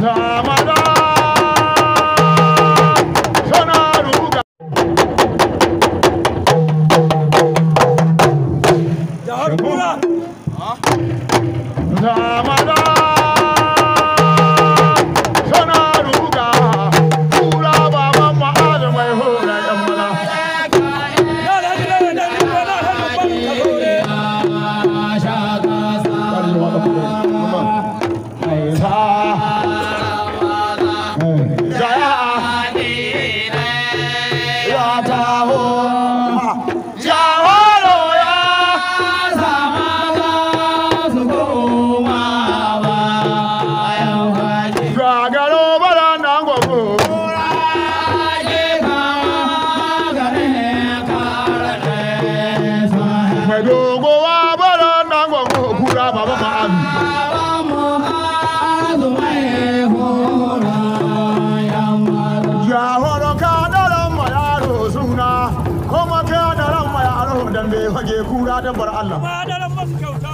Nah, my God. dambe fage kura da bar Allah. Ba da ran kyauta.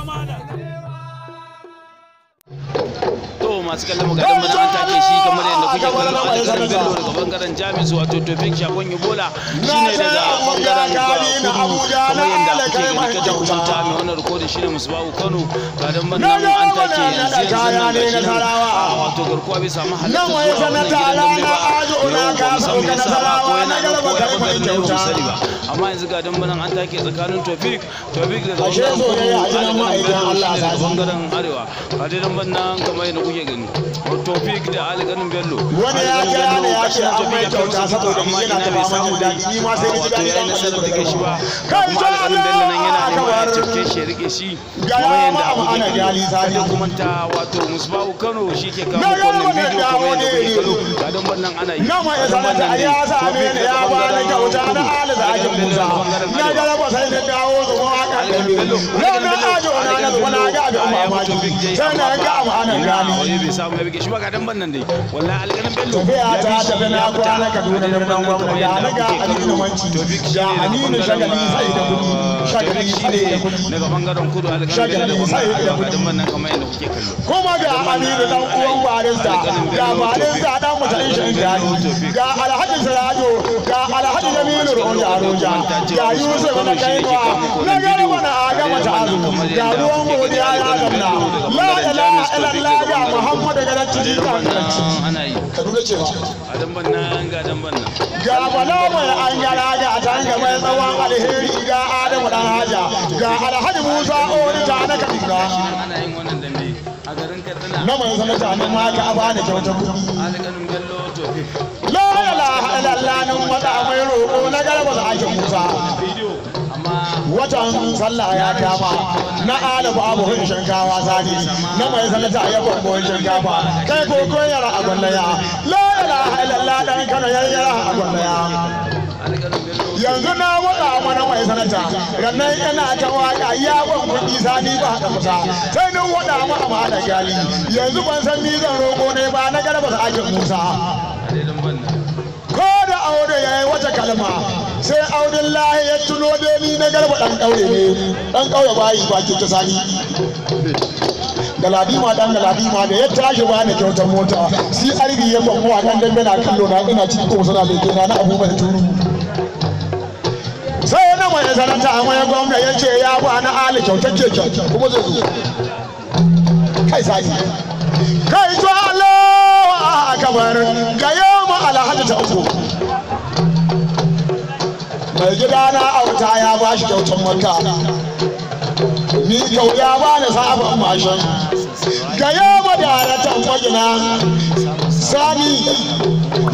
masu kallon magadin mana an take shi kamar yadda kuke kallo a tsarin bello daga bangaren jamus wato tofik shagon yubola shine daga bangaren kudu kamar yadda kuke gani kada ku manta mai wannan rikodin shine musbahu kano gadan mana an take yanzu yanzu nan da shi wato garkuwa bai samu halatta zuwa wannan gidan dambe ba yau ba musamman ya sa ba ko yana nan ko ya bugar da yau ba amma yanzu gadan mana an take tsakanin tofik tofik da daga bangaren kudu a daga bangaren arewa gadan mana kamar yadda kuke gani alƙalin tofik da alƙalin bello wani ya kira ne ya ce an mai kyauta saboda ni yana ta fama jin daɗi ma sai ni ji daɗi dan nasarar rike shi ba kai zo alƙalin bello nan yana nema ya cike shi rike shi kuma yanda abu ana gali sani da kuma ta wato musbahu kano shi ke kawo wannan bidiyo kuma yanda kuke kallo ga dan wannan ana yi nan wai sanar da ya sa ne ya ba ni kyauta na alaza ajin musa na ga ba sai na dawo ranar ajo na nan wani ga abin mamaki sai na ga abu anan gani bai samu ya bige shi ba ga dan bannan dai wallahi alƙalin bello ya ta tafi na kwana kaduna nan nan ya naga aminu manci ya aminu shagali sai da kudi shirin shine kudu kuma ga aminu dan uwan barista ga barista dan mutanen shirin gani ga alhaji sirajo ga alhaji jamilu roja roja ga yusuf na kaiwa na garba na agama ta azu ga ruwan godiya ya gamna la ilaha ilallah muhammadu ga nan ciki ta karanci kaduna ce ba ga bala mai an gara a tare ga mai tsawon alheri ga adamu dan haja ga alhaji musa ori ta na kaduna na mai zama ta nan ma ka abana kyautar la ilaha illallah nan mata mai roƙo na garba da ake musa watan sallah ya kama na alabu hin shinkawa sadi na mai sanata ya hin shinkafa kai ko koyara a gwallaya la ilaha illallah dan kana yayyara a gwallaya yanzu na wada mana mai sanata rannan yana ta waka ya ban kuɗi sani ba da kusa sai nan wada mana ma da gali yanzu ban san ni zan roko ne ba na garba sa ake musa ko da aure yayi wata kalma sai audin lahi ya tuno da ni na garba dan kauye ne dan kauye bayi bakin ta sani galadima dan galadima da ya tashi ba ne kyauta mota si arbi ya kwammo a kan dambe na kallo na ina cikin kuma suna leke na na abubuwan turu sai na mai sanata a mai gwamna ya ce ya ba na ali ke keke kuma zai zo kai sani kai to Allah akabar kayo mu alhaji ta uku mai gida na auta ya ba shi kyautan maka ni kyau ya ba na sabon mashin ga yawa da haratan magina sami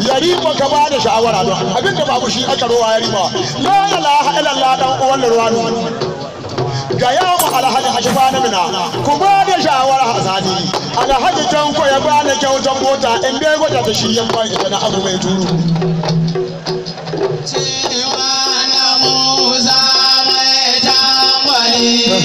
ya riba ka ba da shawara don abin da babu shi aka rowa ya riba la ilaha illallah dan uwan ruwanu ga yawa alhaji hashifa na mina ku ba da shawara hasani alhaji tanko ya ba na kyautan mota in bai gwada ta shi yan ba ita na abu mai turu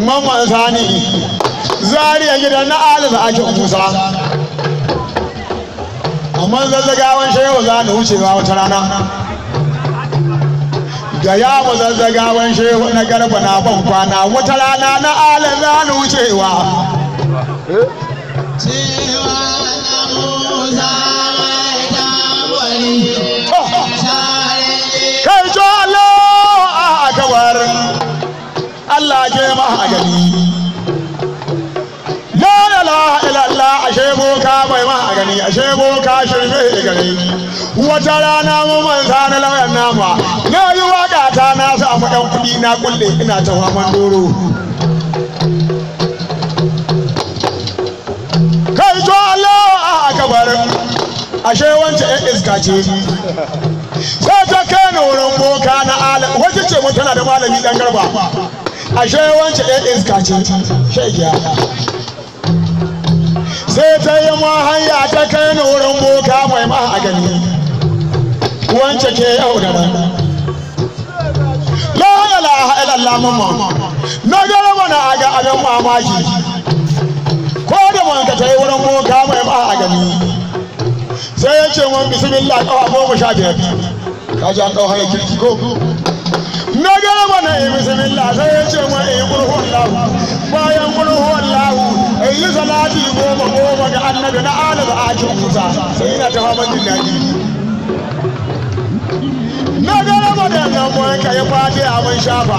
mamman Zani, zariya gidan na alisa ake kusa amma zazzagawan shehu za ni wucewa wata rana ga ya mu zazzagawan shehu na garba na ban kwana wata rana na alin za ni wucewa cewa na mu ashe mahagani la ilaha a ashe boka mai mahagani ashe boka shirme gani wata rana mu manta na lauyan nama na yi waka ta na samu dan kudi na kulle ina ta faman doro kai to Allah a ashe wancan ɗan iska ce sai ta kai na wurin boka na ala wace ce mu tana da malami dan garba ashe wance ɗan iska ce shegiya sai ta yi ma hanya ta kai ni wurin boka mai ma a gani wance ke yau da ran la ilaha illallah mamma na gara mana aga ga abin mamaki ko da manka ta yi wurin boka mai ma a gani sai ya ce man bismillah kawa goma sha biyar ka ji an ɗau hanyar kirki ko na gare mana yi e bismillah sai ya ce mai yi eh, kurhun lahu bayan kurhun lahu eh, yi salati goma goma ga annabi na alaba akin kusa sai yana tafa faman jin daɗi na gare mana nan mun ka yi fati a mun shafa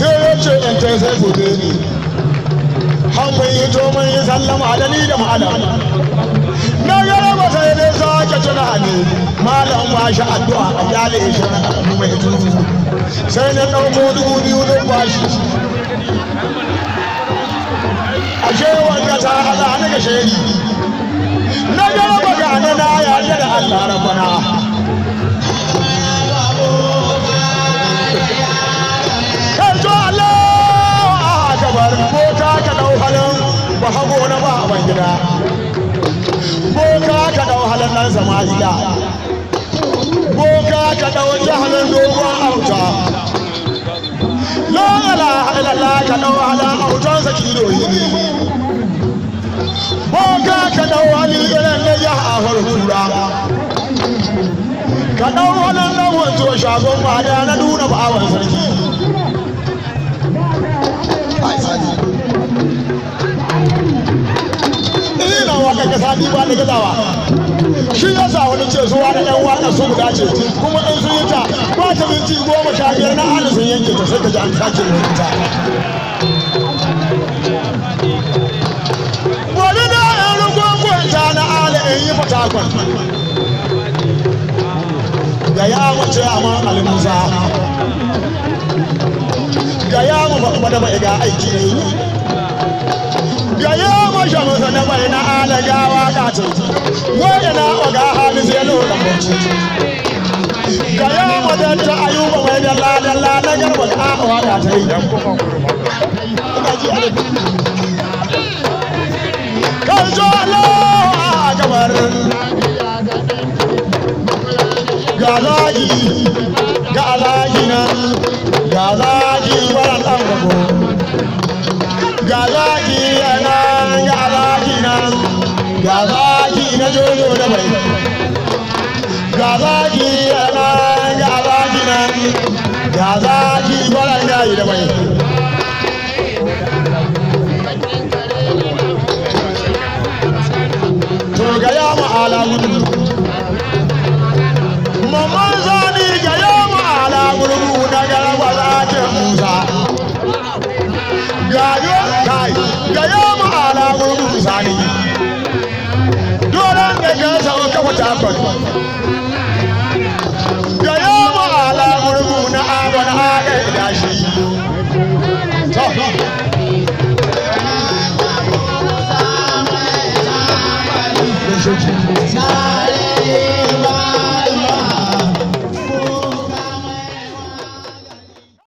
sai ya ce in ta sai gobe ni han bai yi to mun yi sallama da ni da ma'adam shari'a ne malam ba shi addu'a a gyale ya shari'a kuma ya tutu sai na ɗauko dubu biyu don bashi a shewar Allah na ga shari na gaba na da Allah rabana Allahu Akbar ko ta ka dau halin ba hago na ba a gida boka ka dau halin nan samariya boka ka dau jahalin dogon auta la ilaha illallah ka da halin autan sa kilo yini boka ka dau halin irin na ya ahur farfura ka dau halin nan wato shagon da na ba awan sarki tsakani ba da gazawa shi ya sa wani ce zuwa da yan waka su guda ce kuma in sun yi ta ba ta minti goma sha biyar na hana sun yanke ta sai ka ji an sake yanke ta wani na yan rugun ta na ala in yi fatakon da ya mace a man alimusa ga ya mu ba da ba ga aiki ne ga yi masha musu na bai na alagawa katin wani na oga hali sai lura ga yi mazanta ayuba mai dalla dalla na garbar awa da ta yi kan zo alawa a gabar ga zagi ga zagi nan ga zagi waran ɗan gago ga zagi ga zaki na jojo da bai ga na yana ga zaki na ga zaki gwaran yayi da bai to ga ya ma'ala gudu mamman zani ga ya ma'ala gurgu na garba zakin musa ga yo kai ga ya ma'ala gurgu zani America ya samu kafa ta Afirka.